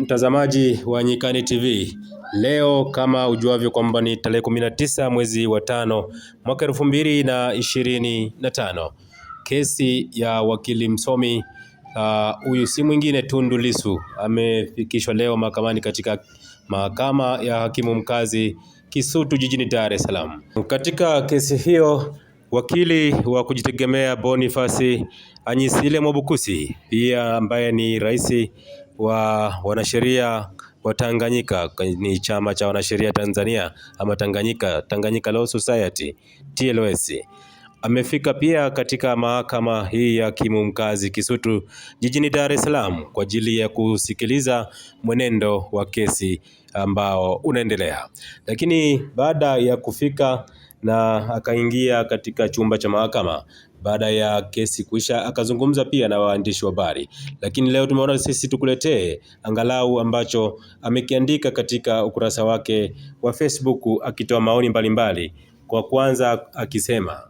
Mtazamaji wa Nyikani TV, leo kama ujuavyo kwamba ni tarehe 19 mwezi wa tano mwaka elfu mbili na ishirini na tano kesi ya wakili msomi ah, huyu uh, si mwingine Tundu Lissu amefikishwa leo mahakamani katika mahakama ya hakimu mkazi Kisutu jijini Dar es Salaam. Katika kesi hiyo wakili wa kujitegemea Boniface Anyisile Mwabukusi pia ambaye ni rais wa wanasheria wa Tanganyika ni chama cha wanasheria Tanzania ama Tanganyika, Tanganyika Law Society TLS. Amefika pia katika mahakama hii ya hakimu mkazi Kisutu jijini Dar es Salaam kwa ajili ya kusikiliza mwenendo wa kesi ambao unaendelea. Lakini baada ya kufika na akaingia katika chumba cha mahakama baada ya kesi kuisha, akazungumza pia na waandishi wa habari, lakini leo tumeona sisi tukuletee angalau ambacho amekiandika katika ukurasa wake wa Facebook akitoa maoni mbalimbali. Kwa kwanza akisema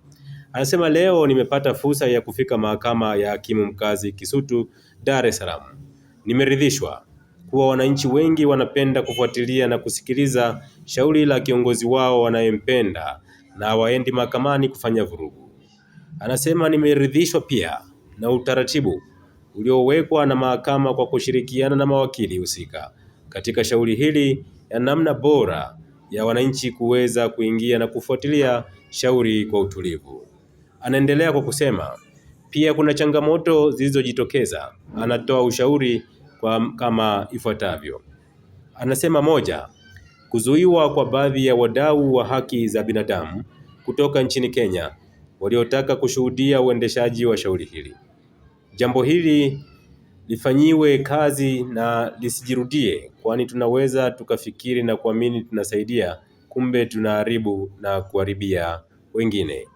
anasema leo nimepata fursa ya kufika mahakama ya hakimu mkazi Kisutu, Dar es Salaam. Nimeridhishwa kuwa wananchi wengi wanapenda kufuatilia na kusikiliza shauri la kiongozi wao wanayempenda na waendi mahakamani kufanya vurugu. Anasema nimeridhishwa pia na utaratibu uliowekwa na mahakama kwa kushirikiana na mawakili husika katika shauri hili ya namna bora ya wananchi kuweza kuingia na kufuatilia shauri kwa utulivu. Anaendelea kwa kusema pia kuna changamoto zilizojitokeza. Anatoa ushauri kwa kama ifuatavyo. Anasema moja, kuzuiwa kwa baadhi ya wadau wa haki za binadamu kutoka nchini Kenya waliotaka kushuhudia uendeshaji wa shauri hili. Jambo hili lifanyiwe kazi na lisijirudie, kwani tunaweza tukafikiri na kuamini tunasaidia, kumbe tunaharibu na kuharibia wengine.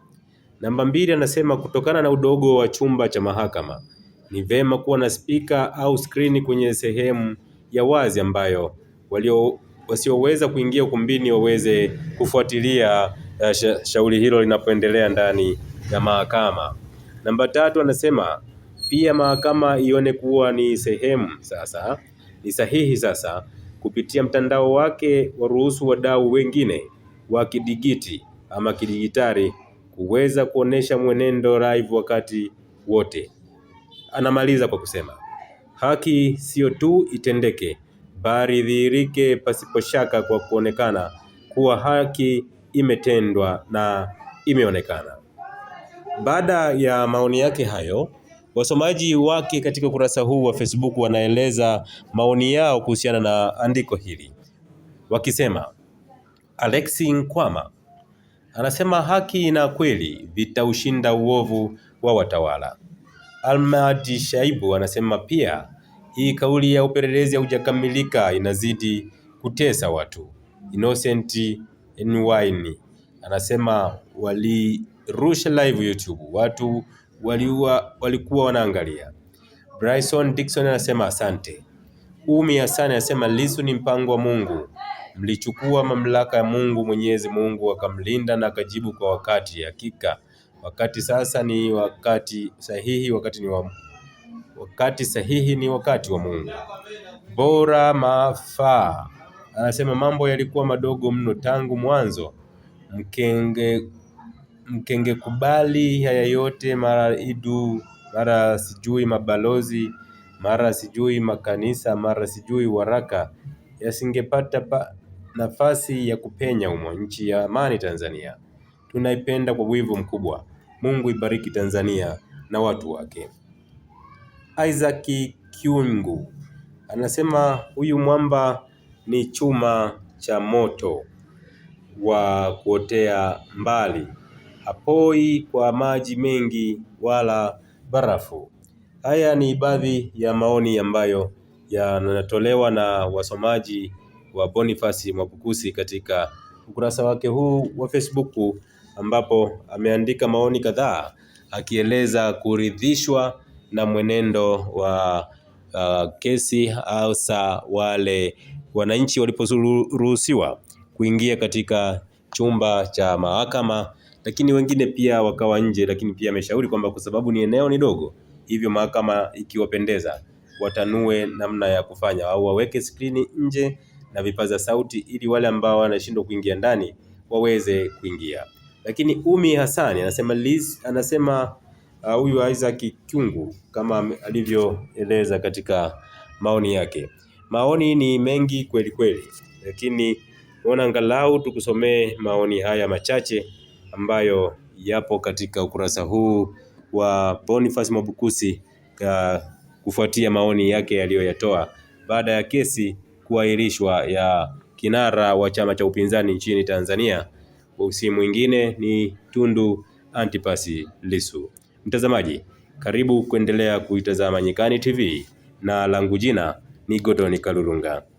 Namba mbili, anasema kutokana na udogo wa chumba cha mahakama ni vema kuwa na spika au skrini kwenye sehemu ya wazi ambayo walio wasioweza kuingia ukumbini waweze kufuatilia Eh, sh shauri hilo linapoendelea ndani ya mahakama. Namba tatu, anasema pia mahakama ione kuwa ni sehemu sasa ni sahihi sasa kupitia mtandao wake waruhusu wadau wengine wa kidigiti ama kidigitari kuweza kuonesha mwenendo live wakati wote. Anamaliza kwa kusema haki siyo tu itendeke, bali dhihirike pasipo shaka kwa kuonekana kuwa haki imetendwa na imeonekana. Baada ya maoni yake hayo, wasomaji wake katika ukurasa huu wa Facebook wanaeleza maoni yao kuhusiana na andiko hili wakisema, Alexi Nkwama anasema haki na kweli vitaushinda uovu wa watawala. Almadi Shaibu anasema pia hii kauli ya upelelezi haujakamilika inazidi kutesa watu. Innocent Nwaini anasema walirusha live YouTube, watu waliua, walikuwa wanaangalia. Bryson Dixon anasema asante. Umi Hassan anasema Lissu ni mpango wa Mungu, mlichukua mamlaka ya Mungu, Mwenyezi Mungu akamlinda na akajibu kwa wakati. Hakika wakati sasa ni wakati sahihi, wakati ni wa wakati sahihi ni wakati wa Mungu. Bora mafaa anasema mambo yalikuwa madogo mno tangu mwanzo, mkenge mkengekubali haya yote mara idu mara sijui mabalozi mara sijui makanisa mara sijui waraka yasingepata pa nafasi ya kupenya humo. Nchi ya amani Tanzania tunaipenda kwa wivu mkubwa. Mungu ibariki Tanzania na watu wake. Isaac Kiungu anasema huyu mwamba ni chuma cha moto wa kuotea mbali, hapoi kwa maji mengi wala barafu. Haya ni baadhi ya maoni ambayo yanatolewa na wasomaji wa Bonifasi Mwabukusi katika ukurasa wake huu wa Facebook, ambapo ameandika maoni kadhaa akieleza kuridhishwa na mwenendo wa uh, kesi hasa wale wananchi waliporuhusiwa kuingia katika chumba cha mahakama, lakini wengine pia wakawa nje, lakini pia ameshauri kwamba kwa sababu ni eneo ni dogo, hivyo mahakama ikiwapendeza watanue namna ya kufanya au waweke skrini nje na vipaza sauti ili wale ambao wanashindwa kuingia ndani waweze kuingia. Lakini Umi Hasani anasema Liz, anasema uh, huyu uh, Isaac Kyungu kama alivyoeleza katika maoni yake. Maoni ni mengi kweli kweli, lakini ona angalau tukusomee maoni haya machache ambayo yapo katika ukurasa huu wa Boniface Mwabukusi kufuatia maoni yake yaliyoyatoa baada ya kesi kuahirishwa ya kinara wa chama cha upinzani nchini Tanzania, usi mwingine ni Tundu Antipasi Lissu. Mtazamaji, karibu kuendelea kuitazama Nyikani TV na langu jina ni Godoni Kalulunga.